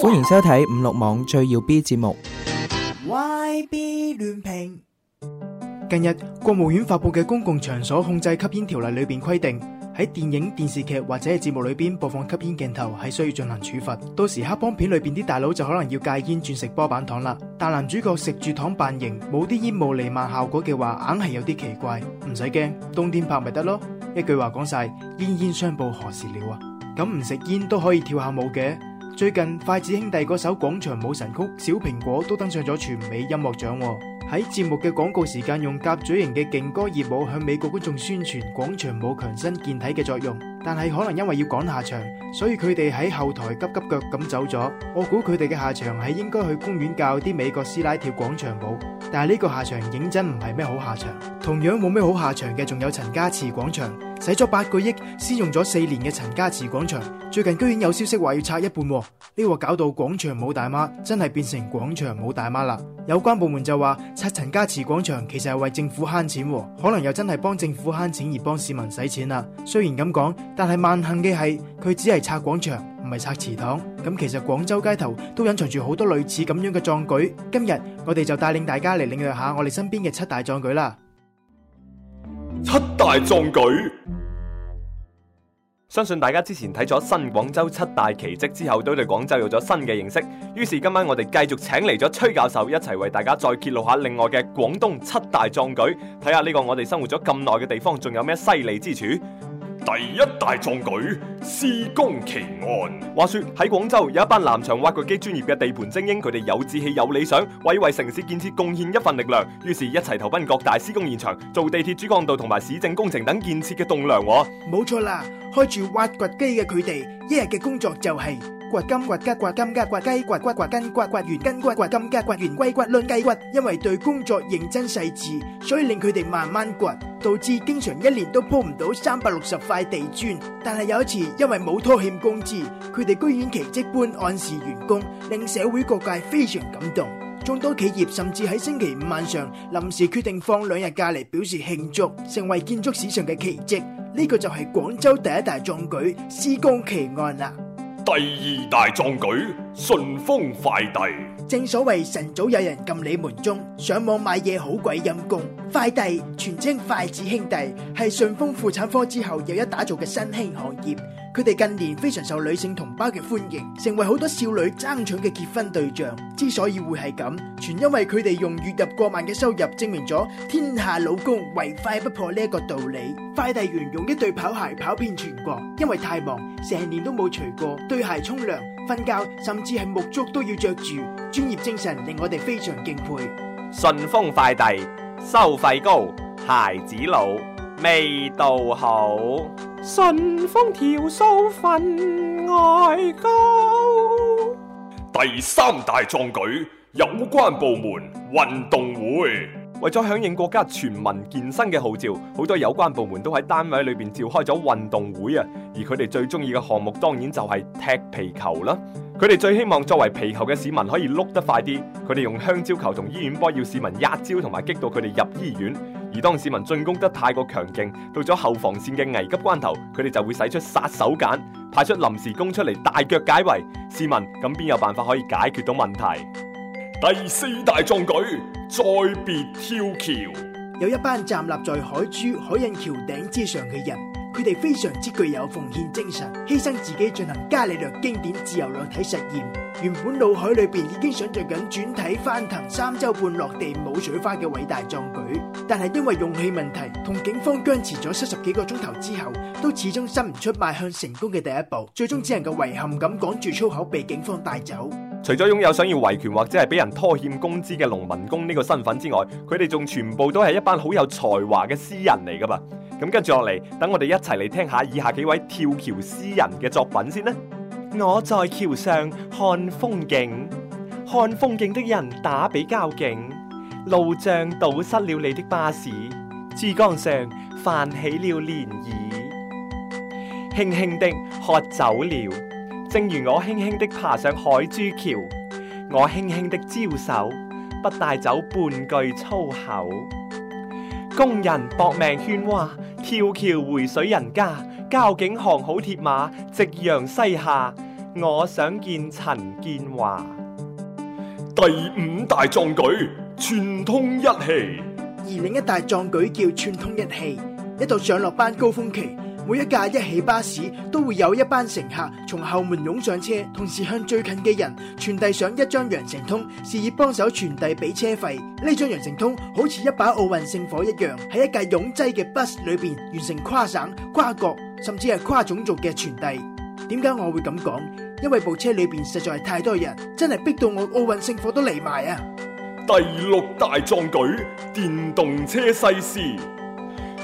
歡迎收睇五六網最耀 B 節目。Y B 亂評。近日，國務院發佈嘅公共場所控制吸煙條例裏邊規定，喺電影、電視劇或者係節目裏邊播放吸煙鏡頭係需要進行處罰。到時黑幫片裏邊啲大佬就可能要戒煙，轉食波板糖啦。但男主角食住糖扮型，冇啲煙霧彌漫效果嘅話，硬係有啲奇怪。唔使驚，冬天拍咪得咯。一句話講晒，煙煙相報何時了啊？咁唔食煙都可以跳下舞嘅。最近筷子兄弟嗰首《廣場舞神曲》《小蘋果》都登上咗全美音樂獎，喺節目嘅廣告時間用甲嘴型嘅勁歌熱舞向美國觀眾宣傳廣場舞強身健體嘅作用。但係可能因為要趕下場，所以佢哋喺後台急急腳咁走咗。我估佢哋嘅下場係應該去公園教啲美國師奶跳廣場舞。但係呢個下場認真唔係咩好下場。同樣冇咩好下場嘅仲有陳家祠廣場，使咗八個億，先用咗四年嘅陳家祠廣場，最近居然有消息話要拆一半喎。呢個搞到廣場舞大媽真係變成廣場冇大媽啦。有關部門就話拆陳家祠廣場其實係為政府慳錢喎，可能又真係幫政府慳錢而幫市民使錢啦、啊。雖然咁講。但係萬幸嘅係，佢只係拆廣場，唔係拆祠堂。咁其實廣州街頭都隱藏住好多類似咁樣嘅壯舉。今日我哋就帶領大家嚟領略下我哋身邊嘅七大壯舉啦。七大壯舉，相信大家之前睇咗新廣州七大奇蹟之後，都對廣州有咗新嘅認識。於是今晚我哋繼續請嚟咗崔教授一齊為大家再揭露下另外嘅廣東七大壯舉，睇下呢個我哋生活咗咁耐嘅地方，仲有咩犀利之處。第一大壯舉，施工奇案。話說喺廣州有一班藍翔挖掘機專業嘅地盤精英，佢哋有志氣有理想，為為城市建設貢獻一份力量。於是，一齊投奔各大施工現場，做地鐵主幹道同埋市政工程等建設嘅棟樑。冇錯啦，開住挖掘機嘅佢哋，一日嘅工作就係、是。掘金掘吉掘金加掘雞骨骨掘根掘掘完根骨掘金加掘完龜骨掄雞骨，因為對工作認真細致，所以令佢哋慢慢掘，導致經常一年都鋪唔到三百六十塊地磚。但係有一次，因為冇拖欠工資，佢哋居然奇跡般按時完工，令社會各界非常感動。眾多企業甚至喺星期五晚上臨時決定放兩日假嚟表示慶祝，成為建築史上嘅奇跡。呢個就係廣州第一大壯舉——施工奇案啦！第二大壯舉，順豐快遞。正所謂晨早有人撳你門鐘，上網買嘢好鬼陰功。快遞全稱筷子兄弟，係順豐婦產科之後又一打造嘅新興行業。佢哋近年非常受女性同胞嘅歡迎，成為好多少女爭搶嘅結婚對象。之所以會係咁，全因為佢哋用月入過萬嘅收入，證明咗天下老公唯快不破呢一個道理。快遞員用一對跑鞋跑遍全國，因為太忙，成年都冇除過對鞋沖涼、瞓覺，甚至係沐足都要着住，專業精神令我哋非常敬佩。順豐快遞收費高，鞋子老。味道好，順風條數分外高。第三大壯舉，有關部門運動會。為咗響應國家全民健身嘅號召，好多有關部門都喺單位裏邊召開咗運動會啊！而佢哋最中意嘅項目當然就係踢皮球啦。佢哋最希望作為皮球嘅市民可以碌得快啲。佢哋用香蕉球同醫院波要市民壓招，同埋激到佢哋入醫院。而當市民進攻得太過強勁，到咗後防線嘅危急關頭，佢哋就會使出殺手鐧，派出臨時工出嚟大腳解圍。市民咁邊有辦法可以解決到問題？第四大壯舉，再別跳橋。有一班站立在海珠海印橋頂之上嘅人，佢哋非常之具有奉獻精神，犧牲自己進行伽利略經典自由落體實驗。原本腦海裏邊已經想象緊轉體翻騰三周半落地冇水花嘅偉大壯舉，但係因為勇氣問題，同警方僵持咗七十幾個鐘頭之後，都始終伸唔出邁向成功嘅第一步，最終只能夠遺憾咁趕住粗口被警方帶走。除咗擁有想要維權或者係俾人拖欠工資嘅農民工呢個身份之外，佢哋仲全部都係一班好有才華嘅詩人嚟噶嘛？咁跟住落嚟，等我哋一齊嚟聽下以下幾位跳橋詩人嘅作品先啦。我在橋上看風景，看風景的人打俾交警，路障堵塞了你的巴士，珠江上泛起了漣漪，輕輕的喝酒了，正如我輕輕的爬上海珠橋，我輕輕的招手，不帶走半句粗口。工人搏命喧嘩，跳橋回水人家。交警行好鐵馬，夕陽西下，我想見陳建華。第五大壯舉，串通一氣。而另一大壯舉叫串通一氣。一到上落班高峰期，每一架一起巴士都會有一班乘客從後門湧上車，同時向最近嘅人傳遞上一張羊城通，示意幫手傳遞俾車費。呢張羊城通好似一把奧運聖火一樣，喺一架擁擠嘅 bus 裏邊完成跨省、跨國甚至係跨種族嘅傳遞。點解我會咁講？因為部車裏邊實在係太多人，真係逼到我奧運聖火都嚟埋啊！第六大壯舉：電動車西施。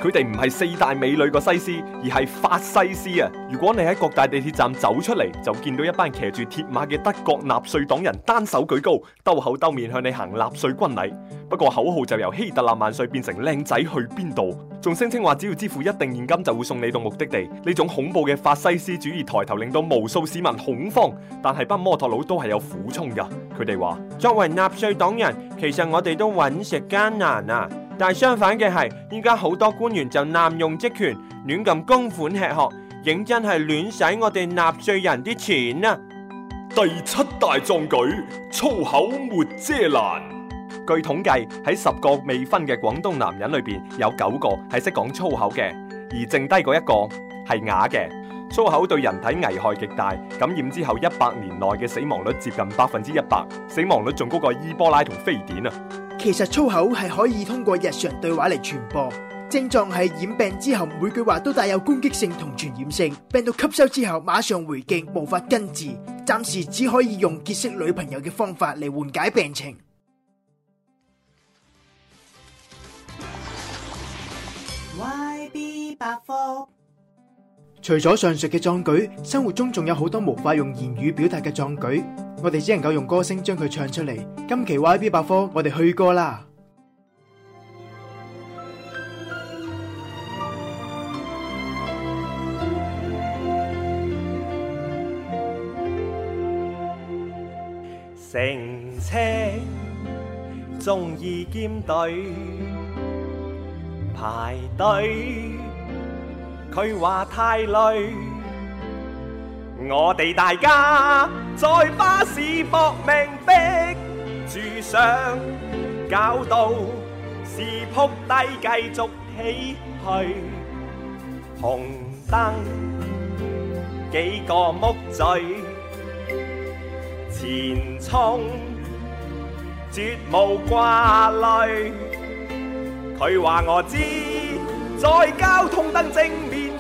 佢哋唔係四大美女個西施，而係法西斯啊！如果你喺各大地鐵站走出嚟，就見到一班騎住鐵馬嘅德國納粹黨人，單手舉高，兜口兜面向你行納粹軍禮。不過口號就由希特勒萬歲變成靚仔去邊度，仲聲稱話只要支付一定現金就會送你到目的地。呢種恐怖嘅法西斯主義抬頭，令到無數市民恐慌。但係班摩托佬都係有苦衷噶，佢哋話作為納粹黨人，其實我哋都揾食艱難啊！但相反嘅係，依家好多官員就濫用職權，亂咁公款吃喝，認真係亂使我哋納稅人啲錢啊！第七大壯舉，粗口沒遮攔。據統計，喺十個未婚嘅廣東男人裏邊，有九個係識講粗口嘅，而剩低嗰一個係啞嘅。粗口對人體危害極大，感染之後一百年內嘅死亡率接近百分之一百，死亡率仲高過伊波拉同非典啊！其實粗口係可以通過日常對話嚟傳播，症狀係染病之後每句話都帶有攻擊性同傳染性，病毒吸收之後馬上回敬，無法根治，暫時只可以用結識女朋友嘅方法嚟緩解病情。YB 百科除咗上述嘅壯舉，生活中仲有好多無法用言語表達嘅壯舉，我哋只能夠用歌聲將佢唱出嚟。今期 YB 百科，我哋去過啦。乘車，中意、兼隊，排隊。佢話太累，我哋大家在巴士搏命逼住上，搞到是撲低繼續起去，紅燈幾個木嘴，前衝絕無掛慮，佢話我知，在交通燈正面。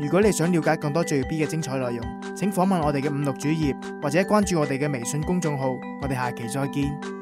如果你想了解更多最耀 B 嘅精彩內容，請訪問我哋嘅五六主頁或者關注我哋嘅微信公眾號。我哋下期再見。